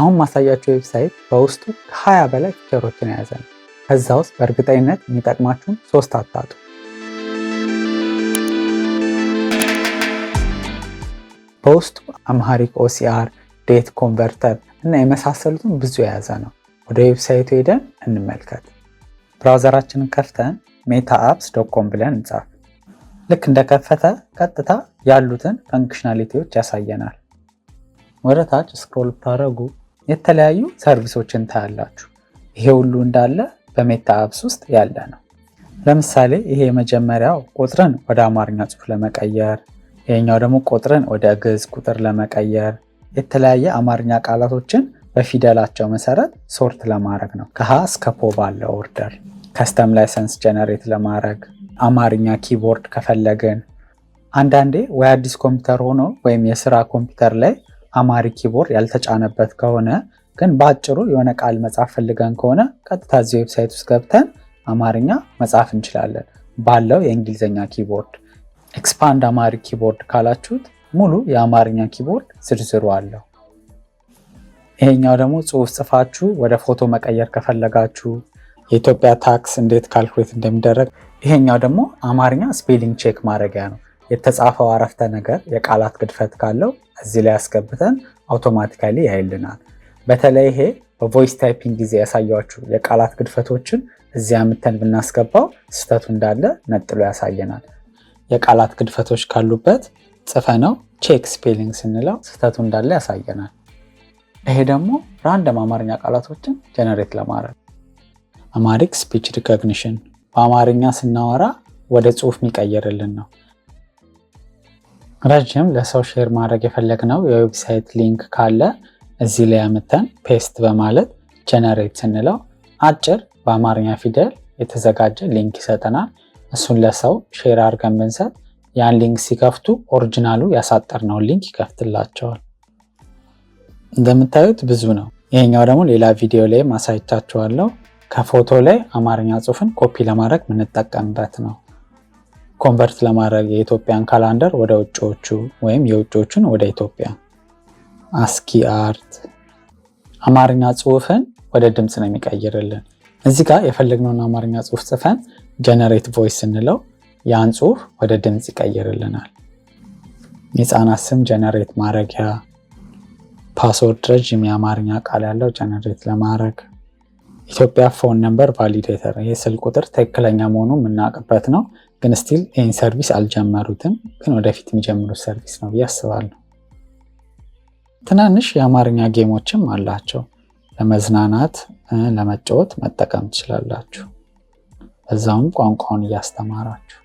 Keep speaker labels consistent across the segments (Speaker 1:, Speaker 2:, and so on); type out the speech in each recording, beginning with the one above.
Speaker 1: አሁን ማሳያቸው ዌብሳይት በውስጡ ከ በላይ ፊቸሮችን የያዘ ነው። ከዛ ውስጥ በእርግጠኝነት የሚጠቅማችሁን ሶስት አታጡ። በውስጡ አምሃሪክ ኦሲአር፣ ዴት ኮንቨርተር እና የመሳሰሉትን ብዙ የያዘ ነው። ወደ ዌብሳይቱ ሄደን እንመልከት። ብራውዘራችንን ከፍተን ሜታ አፕስ ዶት ኮም ብለን እንጻፍ። ልክ እንደከፈተ ቀጥታ ያሉትን ፈንክሽናሊቲዎች ያሳየናል። ወደ ታች ስክሮል ብታደረጉ የተለያዩ ሰርቪሶችን ታያላችሁ። ይሄ ሁሉ እንዳለ በሜታ አፕስ ውስጥ ያለ ነው። ለምሳሌ ይሄ የመጀመሪያው ቁጥርን ወደ አማርኛ ጽሑፍ ለመቀየር፣ ይሄኛው ደግሞ ቁጥርን ወደ ግዝ ቁጥር ለመቀየር የተለያየ አማርኛ ቃላቶችን በፊደላቸው መሰረት ሶርት ለማድረግ ነው። ከሀ እስከ ፖ ባለ ኦርደር ከስተም ላይሰንስ ጀነሬት ለማድረግ አማርኛ ኪቦርድ ከፈለግን አንዳንዴ ወይ አዲስ ኮምፒውተር ሆኖ ወይም የስራ ኮምፒውተር ላይ አማሪ ኪቦርድ ያልተጫነበት ከሆነ ግን በአጭሩ የሆነ ቃል መጻፍ ፈልገን ከሆነ ቀጥታ እዚህ ዌብሳይት ውስጥ ገብተን አማርኛ መጻፍ እንችላለን ባለው የእንግሊዝኛ ኪቦርድ። ኤክስፓንድ አማሪ ኪቦርድ ካላችሁት ሙሉ የአማርኛ ኪቦርድ ዝርዝሩ አለው። ይሄኛው ደግሞ ጽሑፍ ጽፋችሁ ወደ ፎቶ መቀየር ከፈለጋችሁ የኢትዮጵያ ታክስ እንዴት ካልኩሌት እንደሚደረግ። ይሄኛው ደግሞ አማርኛ ስፔሊንግ ቼክ ማድረጊያ ነው። የተጻፈው አረፍተ ነገር የቃላት ግድፈት ካለው እዚህ ላይ ያስገብተን አውቶማቲካሊ ያይልናል። በተለይ ይሄ በቮይስ ታይፒንግ ጊዜ ያሳያችሁ የቃላት ግድፈቶችን እዚህ አምተን ብናስገባው ስህተቱ እንዳለ ነጥሎ ያሳየናል። የቃላት ግድፈቶች ካሉበት ጽፈ ነው ቼክ ስፔሊንግ ስንለው ስህተቱ እንዳለ ያሳየናል። ይሄ ደግሞ ራንደም አማርኛ ቃላቶችን ጀነሬት ለማድረግ አማሪክ ስፒች ሪኮግኒሽን በአማርኛ ስናወራ ወደ ጽሁፍ የሚቀየርልን ነው። ረጅም ለሰው ሼር ማድረግ የፈለግነው የዌብሳይት ሊንክ ካለ እዚህ ላይ ያመተን ፔስት በማለት ጀነሬት ስንለው አጭር በአማርኛ ፊደል የተዘጋጀ ሊንክ ይሰጠናል። እሱን ለሰው ሼር አድርገን ብንሰጥ ያን ሊንክ ሲከፍቱ ኦሪጂናሉ ያሳጠርነውን ሊንክ ይከፍትላቸዋል። እንደምታዩት ብዙ ነው። ይሄኛው ደግሞ ሌላ ቪዲዮ ላይ ማሳይቻችኋለሁ። ከፎቶ ላይ አማርኛ ጽሑፍን ኮፒ ለማድረግ የምንጠቀምበት ነው። ኮንቨርት ለማድረግ የኢትዮጵያን ካላንደር ወደ ውጭዎቹ ወይም የውጭዎቹን ወደ ኢትዮጵያ፣ አስኪ አርት አማርኛ ጽሁፍን ወደ ድምፅ ነው የሚቀይርልን። እዚህ ጋር የፈለግነውን አማርኛ ጽሁፍ ጽፈን ጀነሬት ቮይስ ስንለው ያን ጽሁፍ ወደ ድምፅ ይቀይርልናል። የህፃናት ስም ጀነሬት ማድረጊያ፣ ፓስወርድ ረዥም የአማርኛ ቃል ያለው ጀነሬት ለማድረግ ኢትዮጵያ ፎን ነምበር ቫሊዴተር፣ ይህ ስል ቁጥር ትክክለኛ መሆኑን የምናውቅበት ነው። ግን ስቲል ይህን ሰርቪስ አልጀመሩትም፣ ግን ወደፊት የሚጀምሩት ሰርቪስ ነው ብዬ አስባለሁ። ትናንሽ የአማርኛ ጌሞችም አላቸው። ለመዝናናት ለመጫወት መጠቀም ትችላላችሁ። እዛውም ቋንቋውን እያስተማራችሁ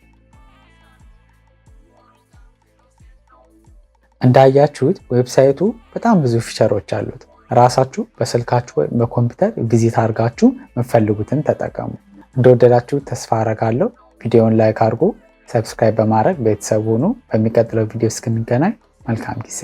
Speaker 1: እንዳያችሁት ዌብሳይቱ በጣም ብዙ ፊቸሮች አሉት። ራሳችሁ በስልካችሁ ወይም በኮምፒውተር ቪዚት አድርጋችሁ መፈልጉትን ተጠቀሙ። እንደወደዳችሁ ተስፋ አረጋለሁ። ቪዲዮውን ላይክ አድርጉ፣ ሰብስክራይብ በማድረግ ቤተሰብ ሁኑ። በሚቀጥለው ቪዲዮ እስክንገናኝ መልካም ጊዜ